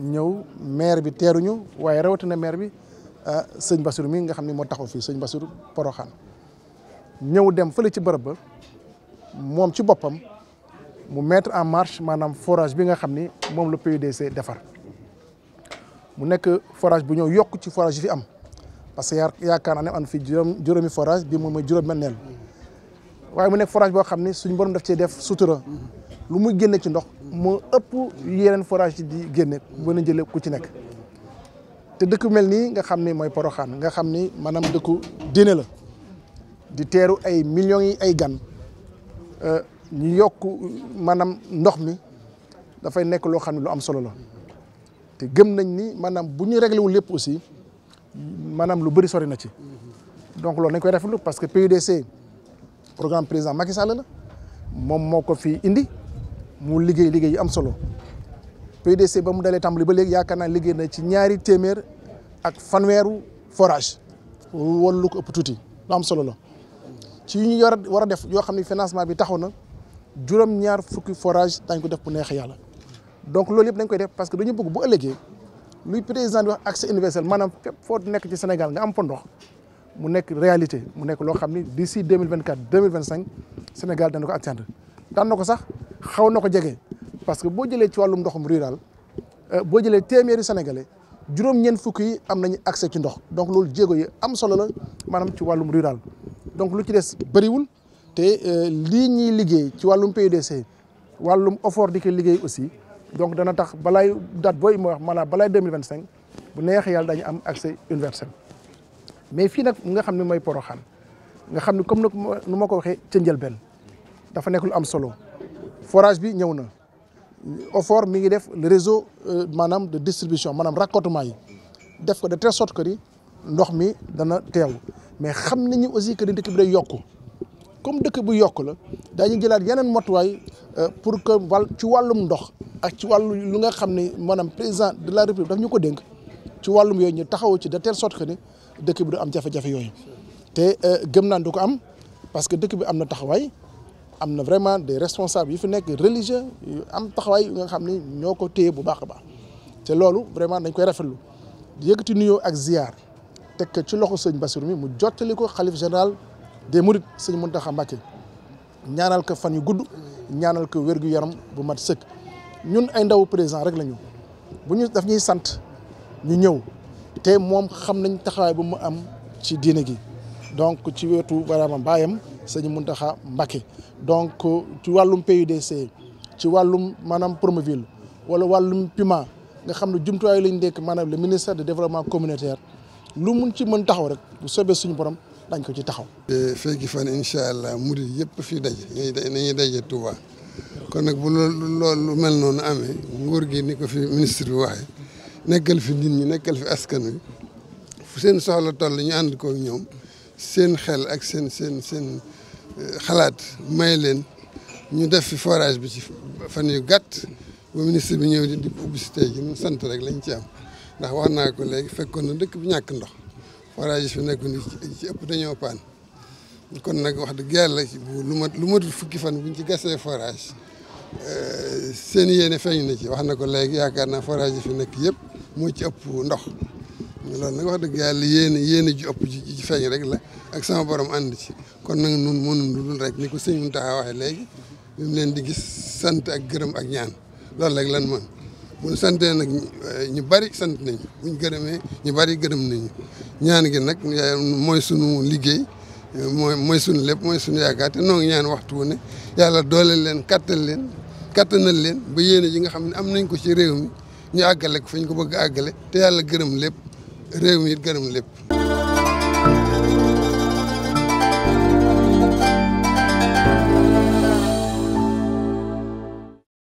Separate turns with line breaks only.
ñëw maire bi teeruñu waaye rawatina maire bi ah, sëñ Bassirou mi nga xam ni moo taxaw fii sëñ Bassirou Poroxaan ñëw dem fële ci bërëb ba moom ci boppam mu metre en marche maanaam forage bi nga xam ni moom la see defar mu nekk forage bu ñëw yokk ci forage yi fi am parce que yaa yaakaar naa ne am fi juróom juróomi forage bi moom mooy juróom-benneel waaye mu nekk forage boo xam ni suñ borom daf cee def sutura lu muy génne ci ndox moo ëpp yeneen forage yi di génne mën a jële ku ci nekk te dëkk mel nii nga xam ni mooy Poroxaan nga xam ni maanaam dëkku diine la di teeru ay millions yi ay gan euh, ñu yokk maanaam ndox mi dafay nekk loo xam ne lu am solo la te gëm nañ ni maanaam bu ñu réglewul lépp aussi maanaam lu bari sori na ci donc loolu nañ koy rafetlu parce que PUDC programme président Macky Sall la moom moo ko fi indi mu liggéey liggéey yu am solo PDC ba mu dalee tambali ba léegi yaakaar naa liggéey na ci ñaari téeméer ak fanweeru forage wala lu ko ëpp touti lu am solo la ci yu ñu war a war a def yoo xam ne financement bi taxaw na juróom-ñaar fukki forage dañ ko def bu neex yàlla donc loolu yëpp dañ koy def parce que dañu bëgg bu ëllëgee luy président di wax accès universel maanaam fépp foo nekk ci Sénégal nga am fa ndox mu nekk réalité mu nekk loo xam ni d'ici deux mille vingt quatre deux mille vingt cinq Sénégal dana ko atteindre daan na ko sax. xaw na ko jege parce que boo jëlee ci wàllum ndoxum rural euh, boo jëlee téeméeri sénégalais juróom-ñeent fukk am nañu accès ci ndox donc loolu jéego yi am solo la maanaam ci wàllum rural donc lu ci des bëriwul te euh, lii ñuy liggéey ci wàllum de PUDC wàllum effort di liggéey aussi donc dana tax balaay date booy ma wax maanaam balaay deux mille vingt cinq bu neexee yàlla dañu am accès universel mais fii nag nga xam ne mooy Porokhane nga xam ne comme nag nu ma ko waxee ca njëlbeen dafa nekk lu am solo. forage bi ñëw na OFOR mi ngi def le réseau euh, manam de distribution manam raccordement yi def ko de telle sorte que ni ndox mi dana teew mais xam nañu aussi que ni dëkk bi day yokku comme dëkk bu yokk la dañu jëlaat yeneen motuwaay euh, pour que wàll ci wàllum ndox ak ci wàllu lu nga xam ne maanaam président de la république daf ñu ko dénk ci wàllum yooyu ñu taxawu ci de telle sorte que ni dëkk bi du am jafe-jafe yooyu te euh, gëm naan du ko am parce que dëkk bi am na taxawaay. am na vraiment des responsables yu fi nekk religieux yu am taxawaay yi nga xam ni ñoo ko téye bu baax a baax te loolu vraiment dañ koy rafetlu yëkkati nuyoo ak ziar teg ko ci loxo sëñ Bassirou mi mu jottali ko xalif général des Mourides sëñ Mountakha Mbacké ñaanal ko fan yu gudd ñaanal ko wér gu yaram bu mat sëkk ñun ay ndaw président rek la ñu bu ñu daf ñuy sant ñu ñëw te moom xam nañ taxawaay bu mu am ci diine gi. donc ci wetu baraama baayam sëñ Muntaxa Mbakke donc euh, ci wàllum PUDC ci wàllum maanaam Promoville wala wàllum Pima nga xam ne jumtuwaay lañ dékk maanaam le ministère de développement communautaire lu mun ci mën taxaw rek
bu soobee suñu borom dañ ko ci taxaw. feegi fan incha allah murid yëpp fii daje nañuy daje Touba kon nag bu lool lu mel noonu amee nguur gi ni ko fi ministre bi waxee nekkal fi nit ñi nekkal fi askan wi fu seen soxla toll ñu ànd ko ñoom. seen xel ak seen seen seen euh, xalaat may leen ñu def fi forage bi ci fan yu gàtt ba ministre bi ñëw di di publicité gi ñun sant rek lañ ci am ndax wax naa ko léegi fekkoon na dëkk bi ñàkk ndox forage fi nekk ni ci ëpp dañoo kon nag wax dëgg yàlla bu lu mat lu matul fukki fan buñ ci gasee forage euh, seen yéene feeñ na ci wax na ko léegi yaakaar naa forage yi nekk yëpp moo ci ëpp ndox loolu nag wax dëgg yàlla yéen yéen ji ëpp ci feeñ rek la ak sama boroom ànd ci kon nag nun mënun dudul rek ni ko sëñ Mountakha waxee léegi ñu leen di gis sant ak gërëm ak ñaan loolu rek lan mën buñ santee nag ñu eh, bari sant nañu buñ gërëmee ñu bari gërëm nañu ñaan gi nag mooy sunu liggéey mooy mooy sunu lépp mooy sunu yaakaar te noo ñaan waxtu wu ne yàlla dooleel leen kattal leen kattanal leen ba yéene ji nga xam ne am nañ ko ci réew mi ñu àggale ko fañ ko bëgg te yàlla gërëm lépp réew mi it gërëm lépp